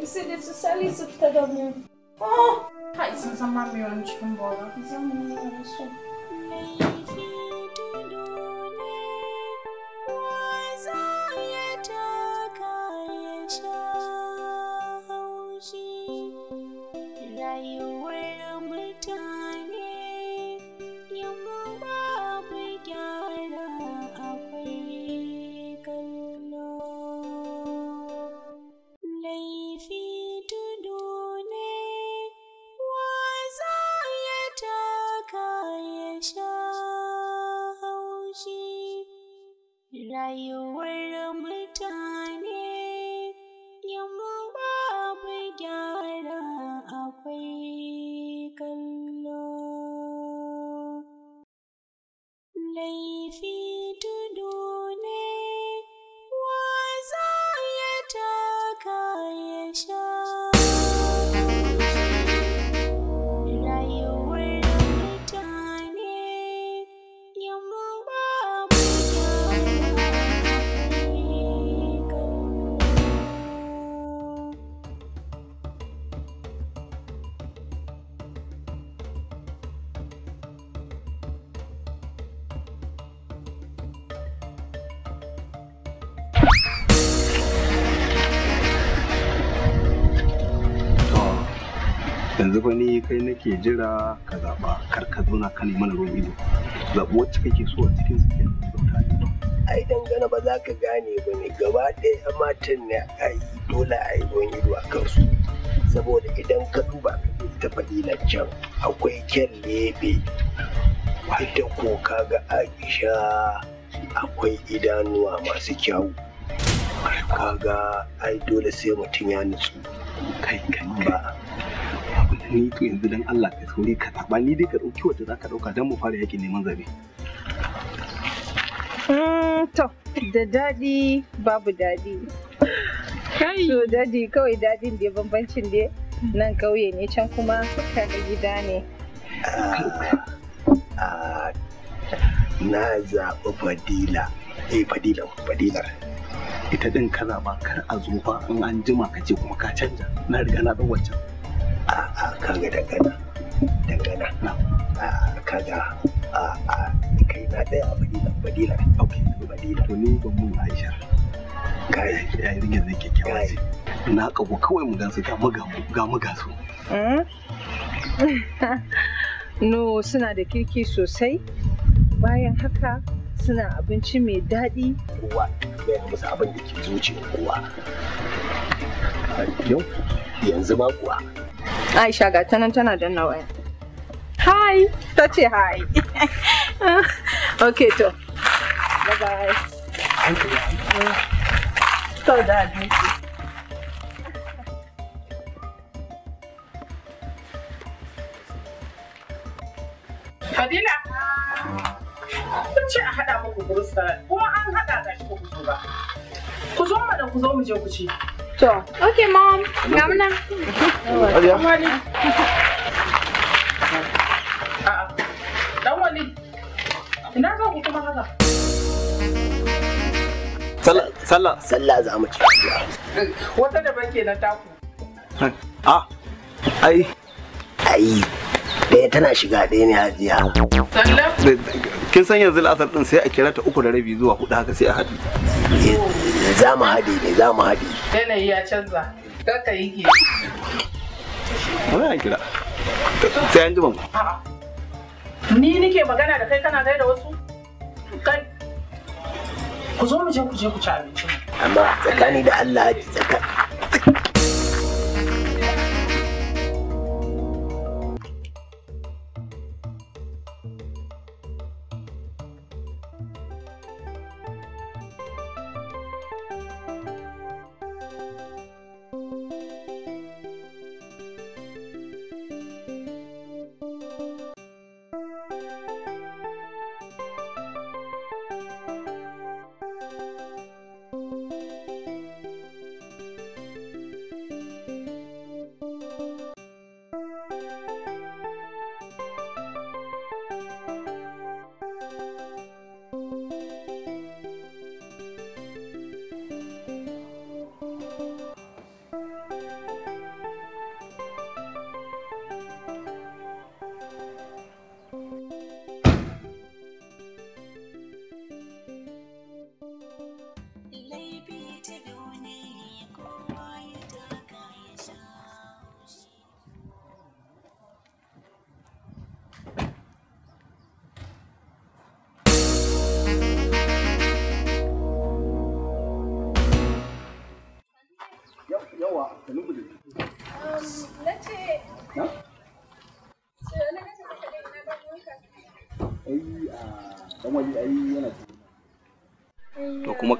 Yükseliyor sosyalliği sınıfta tá dönüyor. Oh! Hayır sanmıyorum çıkın bu arada. Sanmıyorum. Rayuwa you were kake jira ka zaɓa kar ka zauna ka mana ruwan ido zaɓi wacce kake so a cikin su ke ai dangane ba za ka gane ba ne gaba ɗaya matan ne a yi dole a yi ruwan ido a kansu saboda idan ka duba ta na can akwai kyan lebe wadda ko kaga aisha akwai idanuwa masu kyawu kaga ai dole sai mutum ya nutsu ni to yanzu dan Allah ka sauri ka zaɓa ni dai ka ɗauki wacce za ka ɗauka don mu fara yaƙin neman zabe. Hmm, to, da daɗi babu daɗi. To daɗi kawai daɗin da bambancin da nan kauye ne can kuma kaga gida ne. Ah, ah, na zaɓi fadila, eh fadila fadilar. Ita ɗin ka zaɓa kar a zo fa in an jima ka ce kuma ka canja na riga na ɗan wancan. kaga dangana dangana kaga kai na ɗaya a badila badila badila to aisha kai ya yi zai kawai mu gansu ga ga mu hmm? no suna da kirki sosai bayan haka suna abinci mai daɗi kowa bayan musu abin da ke kowa yau yanzu ba kuwa aisha ga ta nan tana danna waya hi ta ce hi Okay to bye bye to da abinci Fadila, kun ce a haɗa muku burus kuma an haɗa da shi ku ba. Ku zo mana ku zo mu je ku ci. To, okay mom, Ina kuma haka? Sallah. Sallah za mu ci. Wata da na taku. Ah, ai. Ai, tana shiga ɗaya ne hajiya. Sallah. Kin san yanzu la'asar ɗin sai a kira ta uku da rabi zuwa hudu haka sai a haɗu. za mu haɗe ne za mu haɗe yanayi ya canza kaka yi ke an kira sai an ji mamu ni nike magana da kai kana da wasu kai ku zo mu je ku je ku ci abinci amma tsakani da Allah tsakani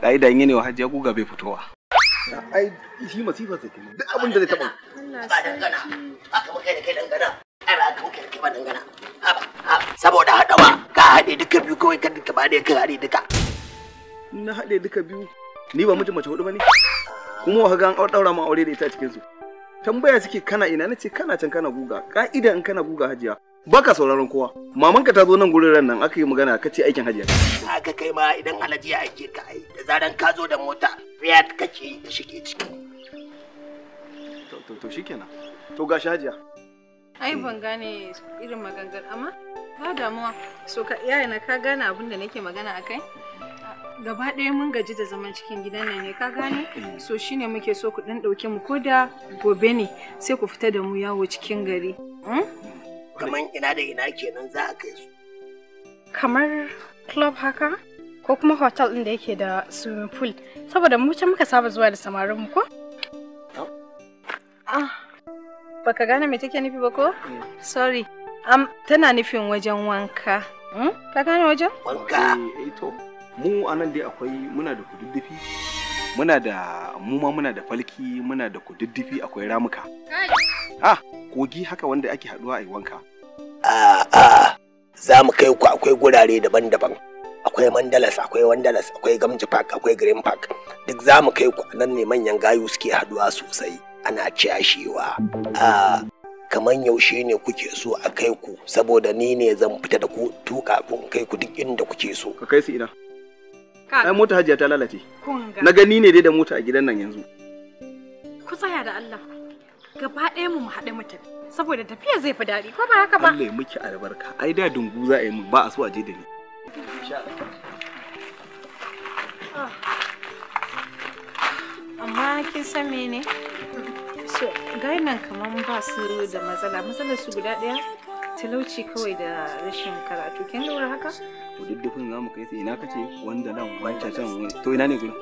ka'ida yin yana wa hajiya guga bai fitowa ai shi masifa sai kuma duk abin da zai taba ba dangana aka maka da kai dangana ai ba aka maka da kai ba dangana saboda hadawa ka haɗe duka biyu kawai ka duka ba ne ka haɗe duka na haɗe duka biyu ni ba mijin mace hudu ba ne kuma wa ga an daura mu aure da ita cikin su tambaya suke kana ina nace kana can kana guga ka'ida in kana guga hajiya baka sauraron kowa mamanka ta zo nan gurin ran nan aka yi magana ka ce aikin hajiya ka kai ma idan alaji ya aike ka ai zaran ka zo da mota fiat kake yi ta shige ciki to to shikenan to ga shajiya ai ban gane irin maganganu amma ba damuwa so ka iyaye na ka gane abin da nake magana akai gaba ɗaya mun gaji da zaman cikin gidan nan ne ka gane so shine muke so ku dan dauke mu ko da gobe ne sai ku fita da mu yawo cikin gari hmm? kamar ina da ina kenan za a kai su kamar club haka ko kuma hotel din da yake da swimming pool saboda mu can muka saba zuwa da samarin mu ko ah baka gane me take nufi ba ko mm. sorry am tana nufin wajen wanka hmm? ka gane wajen wanka eh to mu anan dai akwai muna da kududdufi muna da mu ma muna da falki muna da kududdufi akwai ramuka ah kogi haka wanda ake haduwa a yi wanka a'a ah, ah. za mu kai ku akwai gurare daban-daban akwai mandalas akwai wandalas akwai gamji park akwai green park duk za mu kai ku nan ne manyan gayu suke haduwa sosai ana ciyashewa a kamar yaushe ne kuke so a kai ku saboda ni ne zan fita da ku tuka kun kai ku duk inda kuke so ka kai su ina ai mota hajiya ta lalace na gani ne dai da mota a gidan nan yanzu ku tsaya da Allah gaba ɗaya mu mu haɗe mutane saboda tafiya zai fi daɗi ko ba haka ba Allah ya miki albarka ai da dungu za a yi min ba a so a je da ni Ah. Amma kin san mene? So, gainan kaman ba su da matsala, matsalar su guda daya talauci kawai da rashin karatu. Kin lura haka? duk Duddufin za mu kai sai ina kace wanda nan wancan can to ina ne gurin?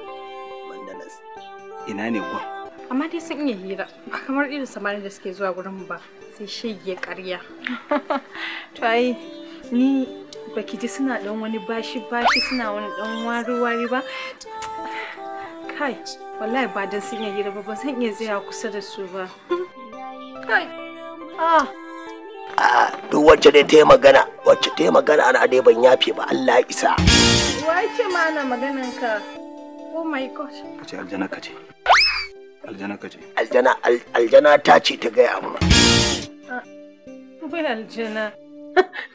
Ina ne gurin? Amma dai sun iya hira, ba kamar irin samari da suke zuwa gurin ba sai shege ƙarya. To ai, ni baki ji suna dan wani bashi bashi suna wani dan wari wari ba kai wallahi ba dan sun yi ba ba zan iya zaya kusa da su ba kai ah duk wacce dai ta magana wacce ta magana ana dai ban yafe ba Allah ya isa wace ma ana maganan ka oh my gosh kace aljana kace aljana kace aljana aljana ta ce ta gaya mu bai ah, aljana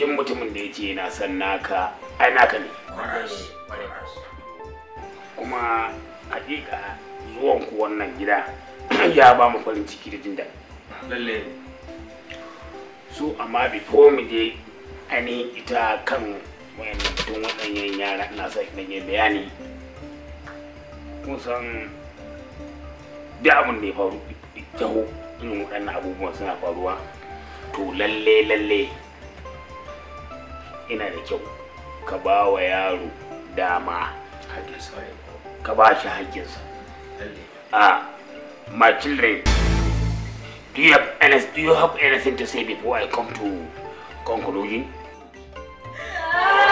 duk mutumin da ya ce yana san naka ai naka ne kuma hakika zuwan ku wannan gida ya ba mu farin ciki da jin daɗi lalle so amma before mu je ani ita kan wayannan tun waɗannan yara na sa ɗan yi bayani kun san da abun da ya faru taho irin waɗannan abubuwan suna faruwa to lalle lalle ina da kyau ka ba wa yaro dama ka ba shi haƙƙinsa a ah, my children do you, have any do you have anything to say before I come to conclusion?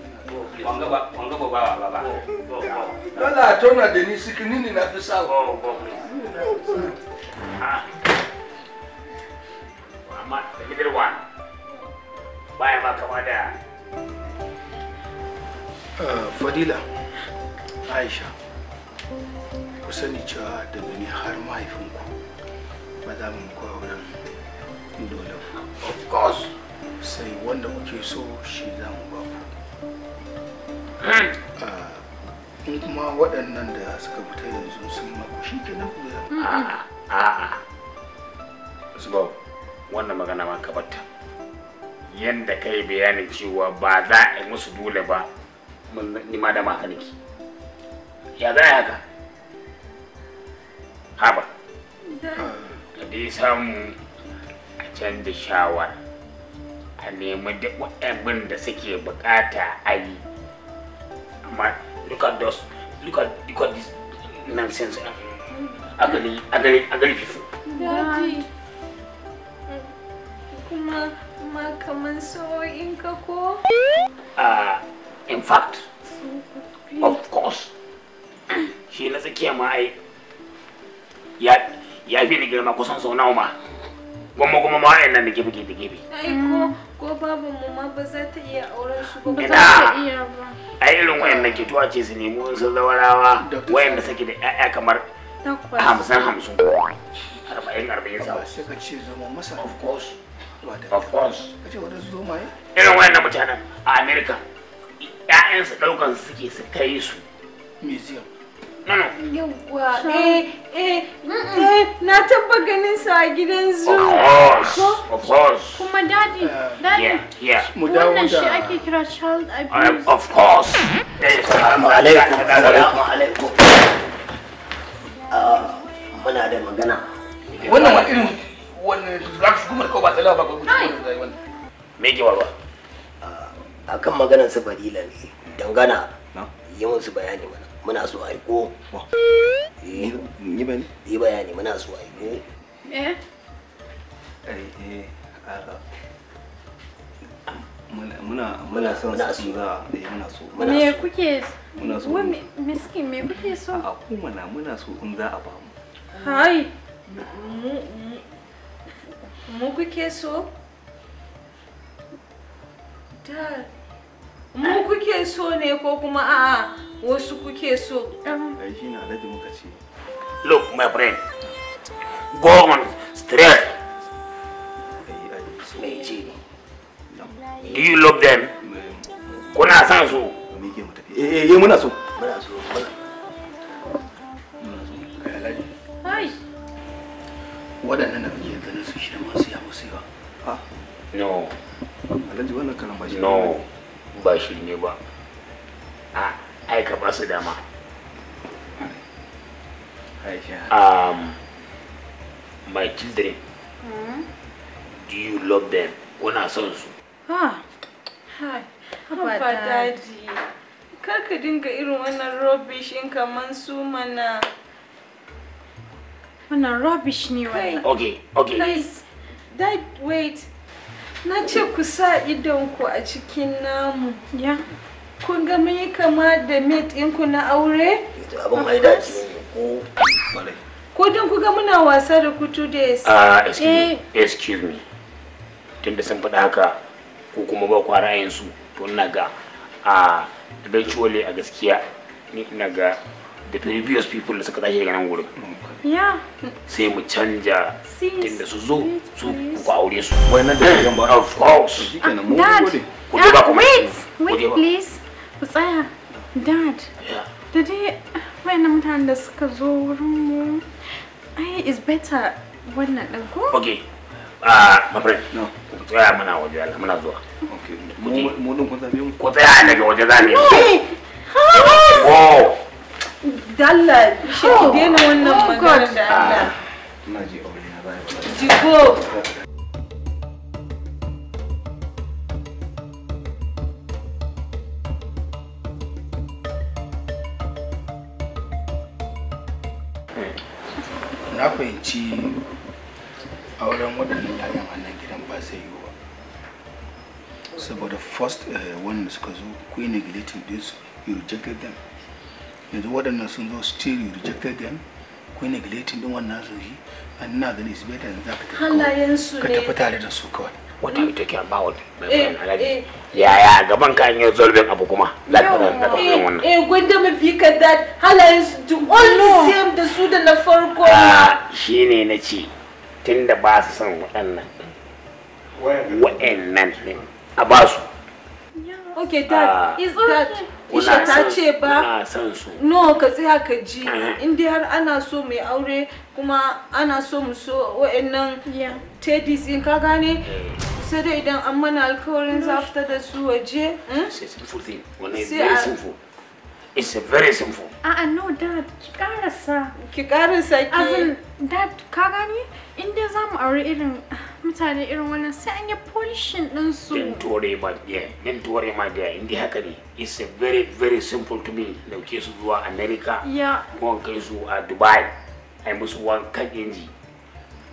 wanga ba ba ba ba lalla tona da ni siki nini na fi sa amma fadila aisha ku sani cewa da ni har mahaifinku ba za mu kwa wurin dole of course sai wanda kuke so shi za mu ba ku in kuma waɗannan da suka fita yanzu sun mako shi ke nan a'a zubawu wannan magana ma ka batta yadda ka yi bayanin cewa ba za a yi musu dole ba ni ma da maka ya za a haka haba ka dai samu a canza shawara a nemi duk waɗannan da suke bukata a yi man Look at those. Look at look at this nonsense. Ugly, ugly, ugly people. Daddy. Kuma, kuma kaman so in ka ko? Uh, in fact, of course. Shi na tsakiya ma ai ya ya fi ni girma kusan sau nawa ma. Gwamma kuma ma nan da gefe gefe gefe. Ai ko ko babu mu ma ba za ta iya auren su ba. Ba za ta iya ba. a irin wayannan ke tuwa ce su nemi wasu zawarawa wayanda suke da 'ya'ya kamar hamsin hamsin arba'in arba'in sa sai ka ce zama masa of course of course ka ce wani zoma ya irin wayannan mutanen a america 'ya'yansu ɗaukan suke su kai su museum Eh, eh, eh, na taba ganin sa a gidan zu Of course. Kuma daddy, daddy, wannan shi ake kira child abuse. Of course. Assalamu alaikum. Assalamu alaikum. Ah, muna da magana. Wannan wani irin wannan rakish gumar ko ba tsalawa ba ko wannan. Me ke warwa? Ah, akan maganar su Fadila ne dangana yi musu bayani ba. muna so aiko yi eh, bane yi bayani muna so aiko eh eh, eh muna muna son su za muna so me kuke muna so miskin me kuke so a ku muna muna so in za a ba mu hai mu kuke so da mu kuke so ne ko kuma a'a wasu kuke so look my friend go on straight do you love them kuna san su eh, eh eh muna so muna so waɗannan da muke ganin su shi masu ya musu yawa ah. no alhaji wannan kalan ba shi no ba shi ne ba a ah. aika ka ba su dama um, my children mm. do you love them kuna son su ha ha daddy kar ka dinga irin wannan rubbish in kaman su mana wannan rubbish ne wannan okay okay please that wait na ce ku sa ku a cikin namu ya yeah. kun ga mun yi kama da meat mate ku na aure? abin ai da ci ko kwarai ko don ku ga muna wasa da kutu da ah eh. excuse me Tun da sun faɗa haka ko kuma ba ku ra'ayin su to ina ga a eventually a gaskiya ni ina ga the previous people da suka tashi daga nan gurin sai mu canja tunda su zo su ku aure su wannan da kan ba of course Dad, wait wait please ku tsaya dad da dai wayannan mutanen da suka zo wurin mu ai is better wannan din ko okay ah my friend no ku tsaya muna waje muna zuwa okay mu din kun zabe mu ku tsaya daga waje za mu dalla shi oh. dena wannan oh, magana da ina ji aure na zai to this you rejected them yanzu waɗannan sun zo still you rejected them ku neglecting din wannan zuri and na ganin is better than zaka halayensu ne ka tafi tare da su kawai what are you talking about my eh, friend alaji eh. yaya gaban ka an yi zolbin abu kuma lafiya da kafin wannan eh, eh gwanda ka that halayensu do all the same da su da na farko ah, ne na ce tinda ba su son waɗannan a ba su ok dad ah, is dad isha ta ce ba no ka tsaya ka ji eh. in dai har ana so mai aure kuma ana so mu so wa'annan tedis in ka gane eh. sai dai idan an mana alkawarin za fita da su waje hmm? It's a very simple. Ah, uh, no dad, Kikara sa. Kikara sa ki. in, dad kagani? gane? In dai za mu aure irin mutane irin wannan sai an yi polishin ɗinsu. Don't worry about yeah, don't worry about yeah, in haka ne. It's a very very simple to me. Dauke su zuwa America. Ya. Ko kai su a Dubai. Ai musu wankan inji.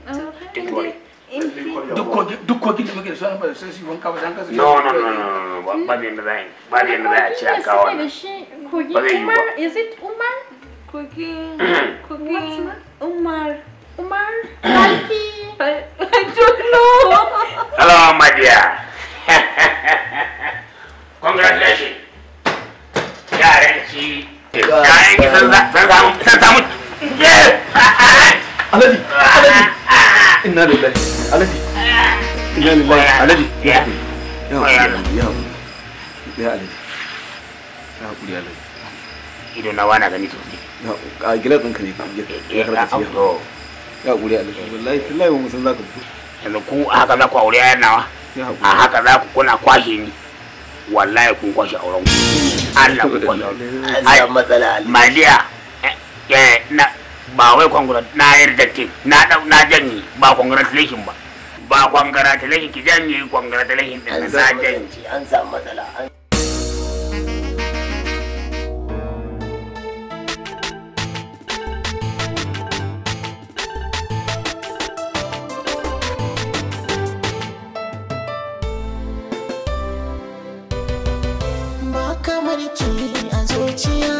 Oh, don't worry. dukko kogi muke da ba sai su wanka ba dan kasa. No no no no ba ne da zai ba ne da zai a ci a kawo. Kogi ba is it Umar? Kogi hmm. Umar. Umar, Nike. I, I Hello, my dear. Congratulations. Yaranci. ki san samu san samu. Alhaji, Alhaji. Inna lillahi. Alhaji. Inna lillahi. Alhaji. Ya. Oh, ya. Ya Ya Ido na wana gani Ya, a gidan ɗinka ne. Ya karɓi ya hakuri alƙawari wallahi tallahi mun san zaka fito yanzu ku haka za ku aure yayan nawa a haka za ku kuna kwashe ni wallahi kun kwashe auren ku Allah ku kwashe auren matsala maliya eh, eh na ba wai kongura na yarda ke na na janye ba congratulation ba ba congratulation ki janye congratulation din na janye an samu matsala Catch